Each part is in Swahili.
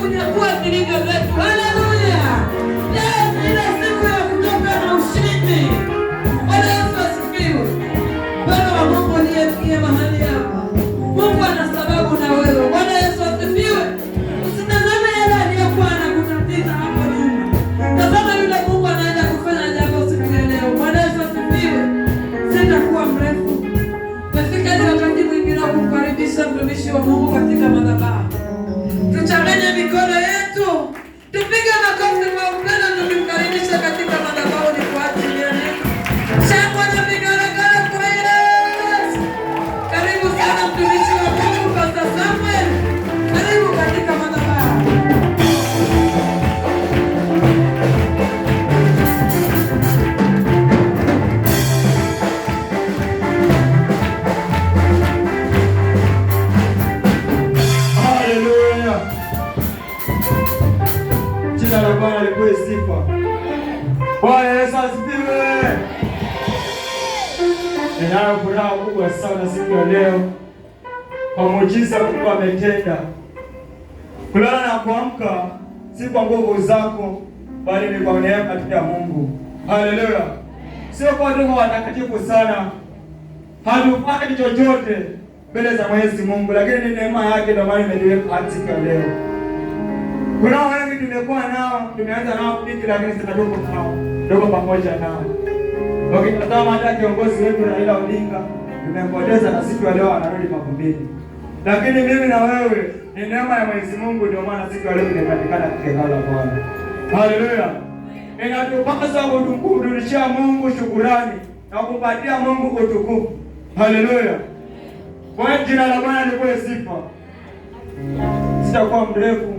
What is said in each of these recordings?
kuja kuwa vilingo vyetu. Baba. Bwana Yesu asifiwe. Ninayo furaha kubwa sana siku ya leo kwa muujiza Mungu ametenda. Kulala na kuamka si kwa nguvu zako, bali ni kwa neema tu Mungu. Haleluya! Sio kwa Roho watakatifu sana, hatupati chochote mbele za Mwenyezi Mungu, lakini ni neema yake, ndio maana imeniweka katika leo kuna wengi tumekuwa nao, tumeanza nao kudiki, lakini tunadogo nao dogo pamoja nao. Ukitazama hata kiongozi wetu Raila Odinga tumempoteza, na siku ya leo anarudi mavumbini, lakini mimi na wewe ni neema ya Mwenyezi Mungu, ndio maana siku ya leo tumepatikana katika hekalu la Bwana. Haleluya! Inatupasa kudumisha Mungu shukurani na kupatia Mungu utukufu. Haleluya! Kwa jina la Bwana likuwe sifa. Sitakuwa mrefu.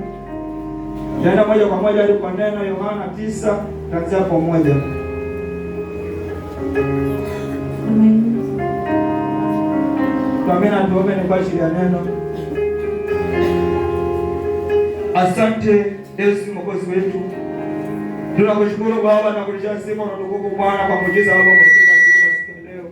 Naenda moja kwa moja hadi kwa neno Yohana 9 kuanzia kwa moja. Tuombe na tuombe ni kwa ajili ya neno. Asante Yesu Mwokozi wetu. Tunakushukuru Baba na kuletea sifa na tukufu Bwana kwa muujiza wako umetenda siku leo.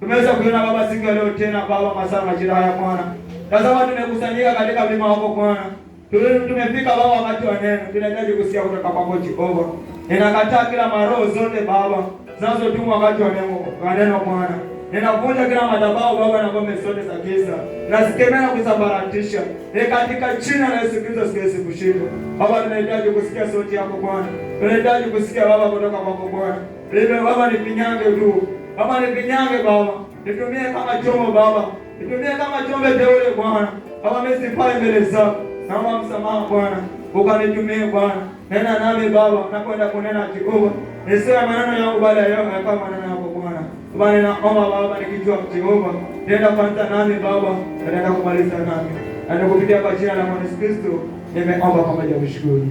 Tumeweza kuona Baba siku leo tena Baba masaa majira haya Bwana. Tazama tumekusanyika katika mlima wako Bwana. Tumefika Baba wakati wa neno, tunahitaji kusikia kutoka kwako Jehova. Ninakataa kila maroho zote Baba zinazotumwa wakati wa neno wa neno Bwana. Ninavunja kila madhabahu Baba na ngome zote za giza. Nasikemea na kusambaratisha. Ni katika jina la Yesu Kristo siwezi kushindwa. Baba tunahitaji kusikia sauti yako Bwana. Tunahitaji kusikia Baba kutoka kwako Bwana. Lebe Baba ni pinyange tu. Baba ni pinyange Baba. Nitumie kama chombo Baba. Nitumie kama chombo teule Bwana. Baba mimi sipai mbele zako. Naomba msamaha Bwana, ukanitumie Bwana, nena nami Baba, nakwenda kunena Jehova, nisiwe maneno yangu baada ya yao yakawa maneno yako Bwana. Bwana naomba Baba, nikijua Jehova nenda kwanza nami Baba, nenda kumaliza nami, na nikupitia kwa jina la Yesu Kristo nimeomba pamoja, mshukuru.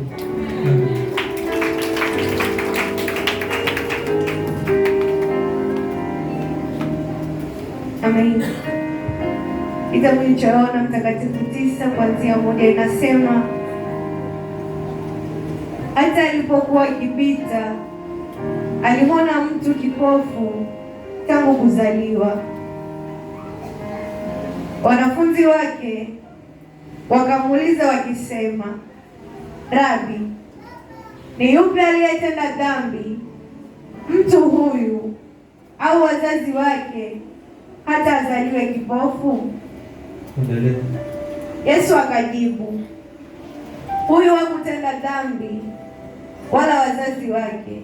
kitabu cha Yohana Mtakatifu tisa kuanzia moja inasema, hata alipokuwa akipita alimwona mtu kipofu tangu kuzaliwa. Wanafunzi wake wakamuuliza wakisema, Rabi, ni yupi aliyetenda dhambi, mtu huyu au wazazi wake, hata azaliwe kipofu? Yesu akajibu, huyu hakutenda dhambi wala wazazi wake,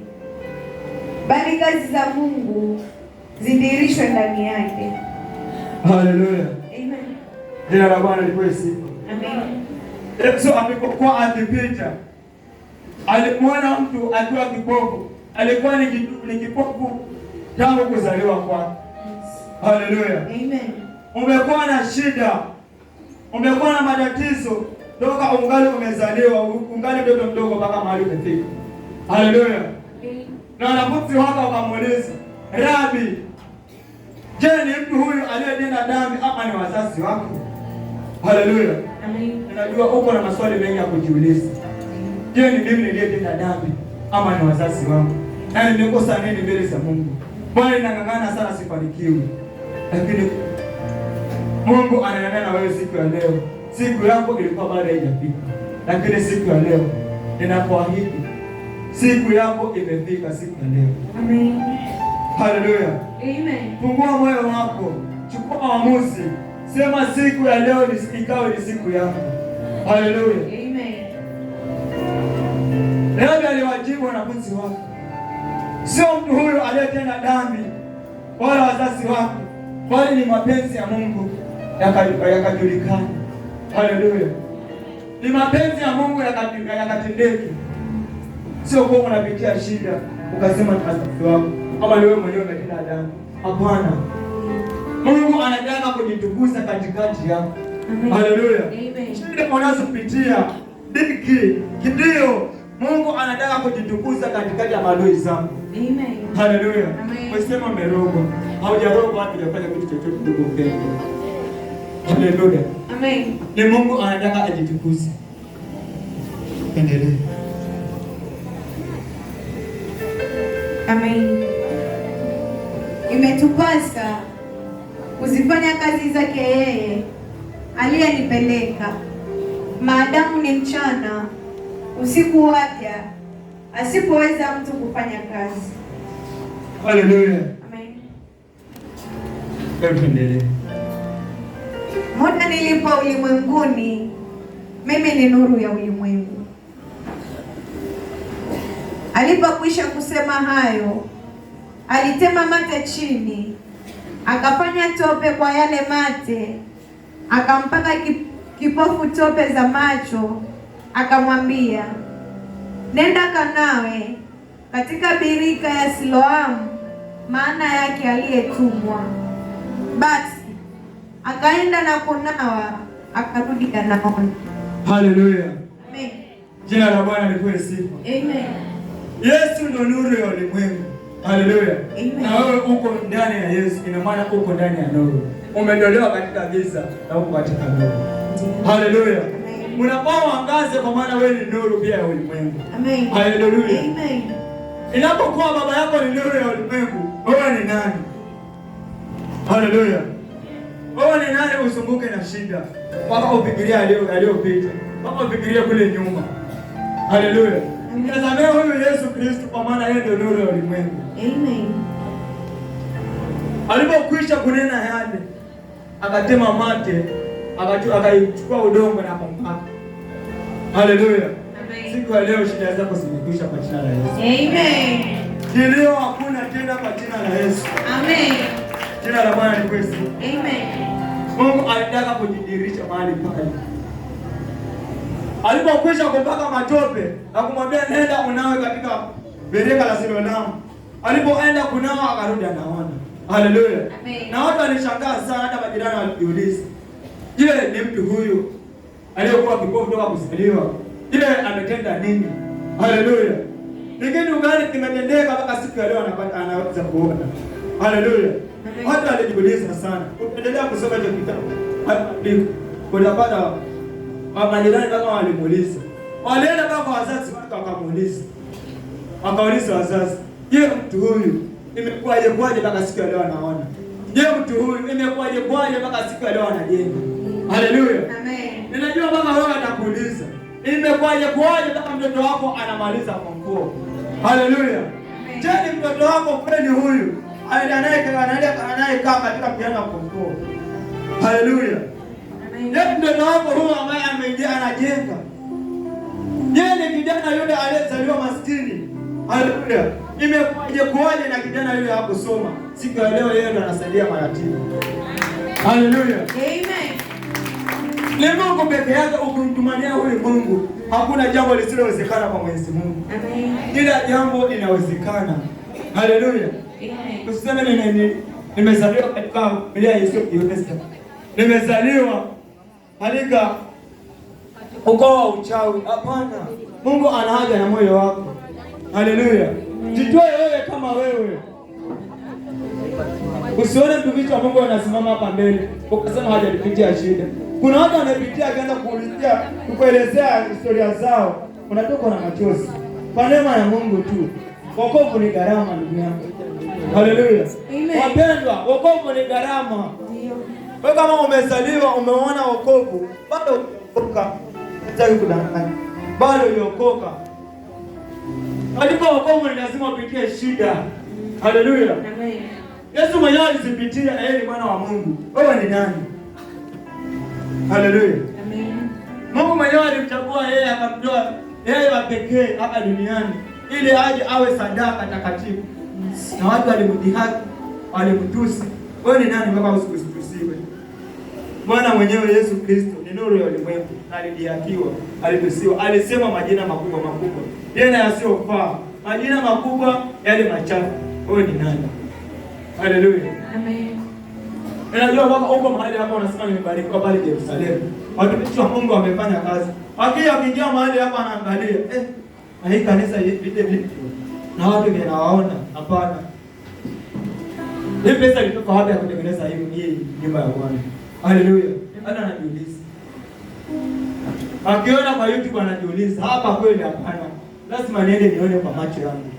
bali kazi za Mungu zidirishwe ndani yake. Haleluya, amen. Jina la Bwana lipewe sifa, amen. Yesu alipokuwa akipita alimwona mtu akiwa kipofu. Alikuwa ni kipofu tangu kuzaliwa kwake. Haleluya, amen umekuwa na shida, umekuwa na matatizo toka ungali umezaliwa, ungali mtoto mdogo mpaka mahali umefika. Haleluya! Na wanafunzi wako wakamuuliza, Rabi, je, ni mtu huyu aliyenena nami ama ni wazazi wako? Haleluya! Najua uko na maswali mengi ya kujiuliza. Je, ni mimi niliyetenda dhambi ama ni wazazi wangu? Na yaani nimekosa nini mbele za Mungu? Bwana, inang'ang'ana sana sifanikiwe, lakini Mungu ananena na wewe siku ya leo. Siku yako ilikuwa bado haijafika, lakini siku ya leo ninakuahidi, siku yako imefika, siku ya leo. Amen. Haleluya. Amen. Fungua moyo wako, chukua maamuzi, sema siku ya leo ikawe ni siku yako. Haleluya. Amen. Daudi aliwajibu wanafunzi wako, sio mtu huyo aliyetenda dhambi wala wazazi wake, bali ni mapenzi ya Mungu yakajulikana. Haleluya, ni mapenzi ya Mungu yakatendeke, sio kuwa unapitia shida ukasema ni wako kama wewe mwenyewe umetenda adamu. Hapana, Mungu anataka kujitukuza katikati yako. Haleluya, shida unazopitia diki, kidio, Mungu anataka kujitukuza katikati ya maadui zangu. Haleluya, usema umerogwa, haujarogwa, hujafanya kitu chochote, ndugu mpendwa. Haleluya. Amen. Ni Mungu anataka ajitukuze. Endelee. Amen. Imetupasa kuzifanya kazi zake yeye aliyenipeleka, maadamu ni mchana, usiku waja asipoweza mtu kufanya kazi. Haleluya. Amen. Endelee mbona nilipo ulimwenguni, mimi ni nuru ya ulimwengu. Alipokwisha kusema hayo, alitema mate chini, akafanya tope kwa yale mate, akampaka kipofu tope za macho, akamwambia, nenda kanawe katika birika ya Siloamu, maana yake aliyetumwa. Basi akaenda na kunawa akarudi anaona. Haleluya, amen. Jina la Bwana lipewe sifa, amen. Yesu ndo nuru ya ulimwengu. Haleluya, na wewe uko ndani ya Yesu, ina maana uko ndani ya nuru, umeondolewa katika giza na uko katika nuru. Haleluya, unapaa uangaze, kwa maana wewe ni nuru pia ya ulimwengu. Amen, haleluya, amen. Inapokuwa baba yako ni nuru ya ulimwengu, wewe ni nani? Haleluya. Wewe ni nani usumbuke na shida? Mpaka ufikirie aliyopita. Mpaka ufikirie kule nyuma. Haleluya. Mtazame huyu Yesu Kristo kwa maana yeye ndio nuru ya ulimwengu. Amen. Alipokwisha kunena yale, akatema mate, akachukua udongo na akampaka. Haleluya. Siku ya leo shida zako zimekwisha kwa jina la Yesu. Amen. Kilio hakuna tena kwa jina la Yesu. Amen. Jina la Bwana ni kweli. Amen. Mungu alitaka kujidirisha mahali pale. Alipokwisha kupaka matope na kumwambia nenda unawe katika bereka la Siloamu. Alipoenda kunawa akarudi anaona. Haleluya. Na watu walishangaa sana, hata majirani walijiuliza. Je, ni mtu huyu aliyekuwa kipofu toka kuzaliwa? Je, ametenda nini? Haleluya. Ni kitu gani kimetendeka mpaka siku ya leo anapata anaweza kuona? Haleluya hata alijiuliza sana. Utaendelea kusoma hicho kitabu andiko wa majirani kama walimuuliza, walienda kwa wazazi wake wakamuuliza, wakauliza wazazi, je, mtu huyu imekuwaje kwaje mpaka siku leo anaona? Je, mtu huyu imekuwaje kwaje mpaka siku leo anajenga? Haleluya, amen. Ninajua baba wewe atakuuliza imekuwaje kwaje mpaka mtoto wako anamaliza kwa nguo. Haleluya. Je, ni mtoto wako kweli huyu anayekaa katika mtihani wa kondoo. Haleluya! Ndio wako huyo ambaye ameingia anajenga. Yeye ni kijana yule aliyezaliwa maskini. Haleluya! Imekuwaje kuwaje na kijana yule hakusoma? Siku ya leo yeye ndo anasaidia mayatima. Haleluya! Amen. Ni Mungu peke yake, ukimtumania huyu Mungu hakuna jambo lisilowezekana kwa Mwenyezi Mungu. Amen. Kila jambo linawezekana. Haleluya. Amen. Usiseme nimezaliwa katika familia ya Yethesta, nimezaliwa katika ukoo wa uchawi. Hapana, Mungu ana haja na moyo wako. Haleluya! Jitoe wewe kama wewe Usione mtumishi wa Mungu anasimama hapa mbele ukasema hajalipitia shida. Kuna watu wanapitia, akaanza kuulizia kukuelezea historia zao, unatoka na machozi. Kwa neema ya Mungu tu, wokovu ni gharama, ndugu yangu. Haleluya. Wapendwa, wokovu ni gharama. Wewe kama umezaliwa umeona wokovu, bado ukoka. Sitaki kudanganya. Bado uokoka. Alipo wokovu ni lazima upitie shida. Haleluya. Amen. Yesu mwenyewe alizipitia na yeye ni mwana wa Mungu. Wewe ni nani? Haleluya. Amen. Mungu mwenyewe alimchagua yeye akamjua yeye wa pekee hapa duniani ili aje awe sadaka takatifu na watu walimdhihaki, walimtusi. Wewe ni nani mpaka usikutusiwe? Bwana mwenyewe Yesu Kristo ni nuru ya ulimwengu, na alidhihakiwa, alitusiwa, alisema majina makubwa makubwa, tena yasiyofaa, majina makubwa yale machafu. Wewe ni nani? Haleluya, amen. Najua baba huko mahali hapa unasema nimebarikiwa pale Yerusalemu. Watumishi wa Mungu wamefanya kazi. Wakija wakiingia mahali hapa anaangalia, eh, na hii kanisa vile vitu. Na watu wanawaona. Hapana. Hii pesa ilitoka wapi ya kutengeneza hii nyumba ya Bwana? Haleluya. Hata anajiuliza. Akiona kwa YouTube anajiuliza, hapa kweli hapana. Lazima niende nione kwa macho yangu.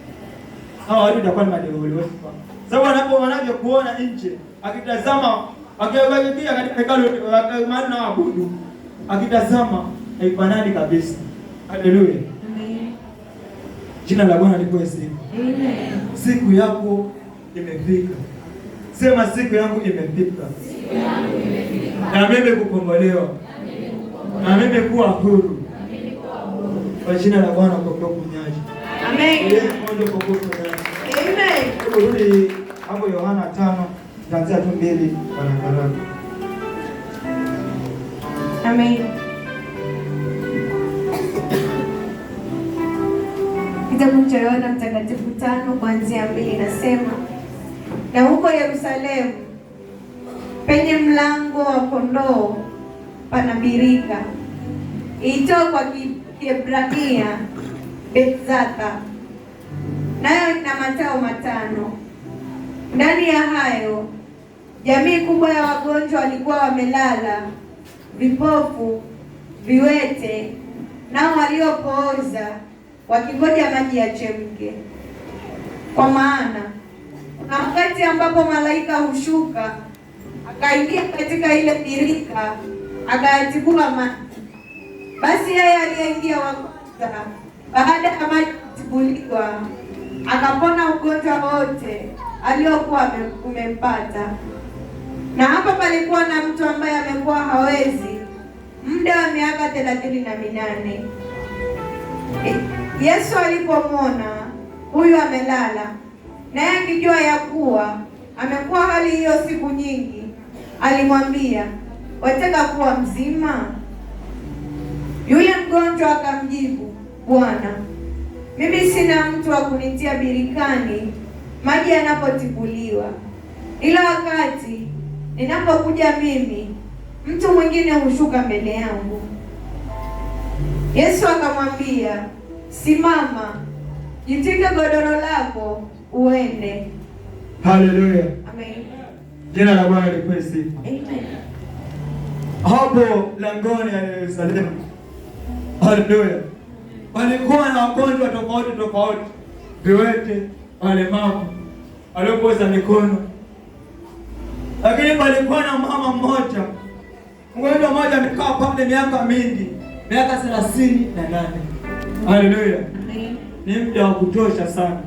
Hawa watu watakuwa ni maderevoli wote kwa. Sababu wanapo wanavyokuona nje, akitazama akiwaibia katika hekalu maana na wabudu. Akitazama haifanani kabisa. Haleluya. Jina la Bwana lipewe sifa. Siku yako imefika. Sema siku yangu imefika. Na mimi kukombolewa. Na mimi kuwa huru. Kwa jina la Bwana kwa kunyaji. Amen. Ee Amen. hapo Yohana 5 kuanzia tu mbili bwana karaka. Amen. Kitabu cha Yohana Mtakatifu tano kuanzia mbili nasema, na huko Yerusalemu penye mlango wa kondoo pana birika ito kwa Kiebrania Bethzatha, nayo ina matao matano. Ndani ya hayo jamii kubwa ya wagonjwa walikuwa wamelala, vipofu, viwete, nao waliopooza wakingoja maji yachemke, kwa maana kuna wakati ambapo malaika hushuka akaingia katika ile birika akayatibua maji. Basi yeye aliyeingia wa kwanza baada ya maji kutibuliwa akapona ugonjwa wote aliokuwa umempata. Na hapa palikuwa na mtu ambaye amekuwa hawezi muda wa miaka thelathini na minane. Yesu alipomwona huyu amelala, naye akijua ya kuwa amekuwa hali hiyo siku nyingi, alimwambia, wataka kuwa mzima? Yule mgonjwa akamjibu, Bwana, mimi sina mtu wa kunitia birikani maji yanapotibuliwa, ila wakati ninapokuja mimi mtu mwingine hushuka mbele yangu. Yesu akamwambia Simama, jitike godoro lako uende. Haleluya, amen. Jina la Bwana lipewe sifa, amen. Hapo langoni ya Yerusalemu, haleluya, walikuwa na wagonjwa tofauti tofauti, viwete, walemavu, waliokoza mikono, lakini palikuwa na mama mmoja, mgonjwa mmoja amekaa pale miaka mingi, miaka thelathini na nane Haleluya, ni muda wa kutosha sana,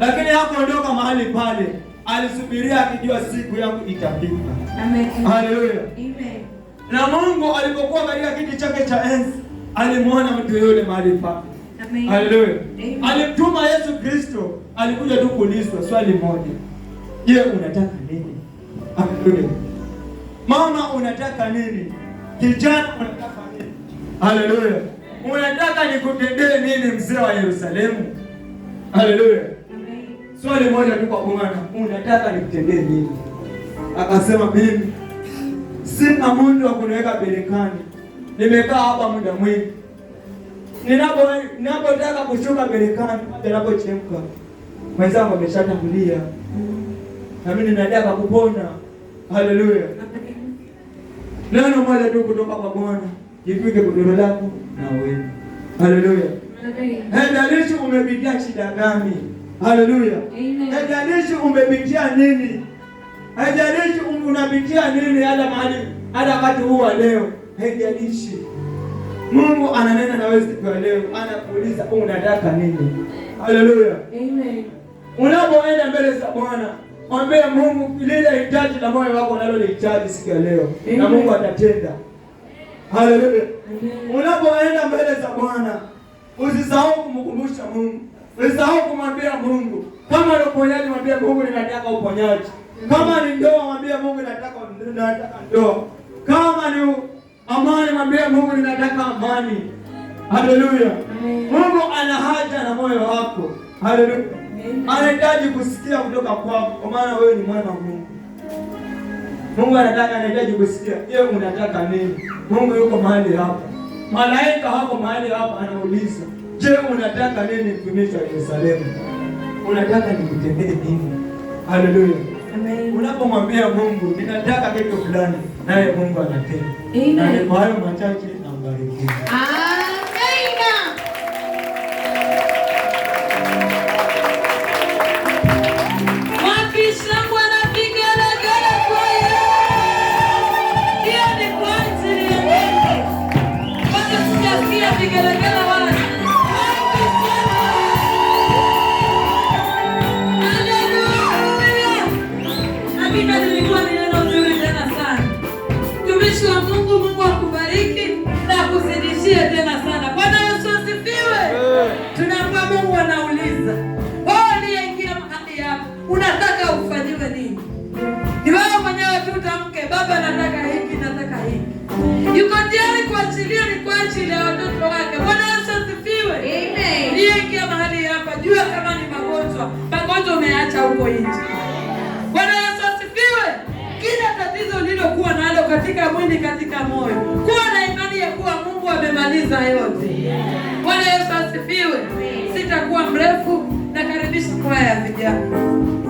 lakini hakuondoka mahali pale, alisubiria akijua siku yangu itafika. Haleluya. Na Mungu alipokuwa katika kiti chake cha enzi alimwona mtu yule mahali Amen. Haleluya. Alimtuma Yesu Kristo, alikuja tu kuulizwa swali moja, je, unataka nini? Haleluya. Mama, unataka nini? Kijana, unataka nini? Haleluya. Unataka nikutendee nini mzee wa Yerusalemu? Haleluya. Swali moja tu kwa Bwana, unataka nikutendee nini? Akasema mimi sina muda wa kuniweka belekani, nimekaa hapa muda mwingi. Ninapo ninapotaka kushuka belekani, ninapochemka mwenzangu ameshatangulia, na mimi ninataka kupona. Haleluya. Neno moja tu kutoka kwa Bwana ipige godoro lako na uende. Haleluya, haijalishi umepitia shida gani. Haleluya, haijalishi umepitia nini, haijalishi um, unapitia nini, hata mahali hata wakati huu wa leo, haijalishi Mungu ananena na wewe siku ya leo, anakuuliza unataka nini? Haleluya, amen. Unapoenda mbele za Bwana, mwambie Mungu lile hitaji la moyo wako unalolihitaji siku ya leo, na Mungu atatenda. Haleluya. Unapoenda mbele za Bwana, usisahau kumkumbusha Mungu. Usisahau kumwambia Mungu. Kama ni uponyaji, mwambie Mungu ninataka uponyaji. Kama ni ndoa, mwambie Mungu nataka ninataka ndoa. Kama ni amani, mwambie Mungu ninataka amani. Haleluya. Mungu ana haja na moyo wako. Haleluya. Anahitaji kusikia kutoka kwako kwa maana wewe ni mwana wa Mungu. Mungu anataka anahitaji kusikia. Je, unataka nini? Mungu yuko mahali hapa. Malaika hapo mahali hapa anauliza, "Je, unataka nini mtumishi wa Yerusalemu? Unataka nikutendee nini?" Haleluya. Amen. Unapomwambia Mungu, "Ninataka kitu fulani," naye Mungu anatenda. Amen. kwa hayo machache na yuko tayari kuachilia ni kwa ajili ya watoto wake. Bwana Yesu asifiwe. Amen. Uliyeingia mahali hapa, jua kama ni magonjwa, magonjwa umeacha huko nje. Bwana Yesu asifiwe. Kila tatizo ulilokuwa nalo katika mwili, katika moyo, kuwa na imani ya kuwa Mungu amemaliza yote. Bwana Yesu asifiwe. Sitakuwa mrefu, nakaribisha kwaya ya vijana.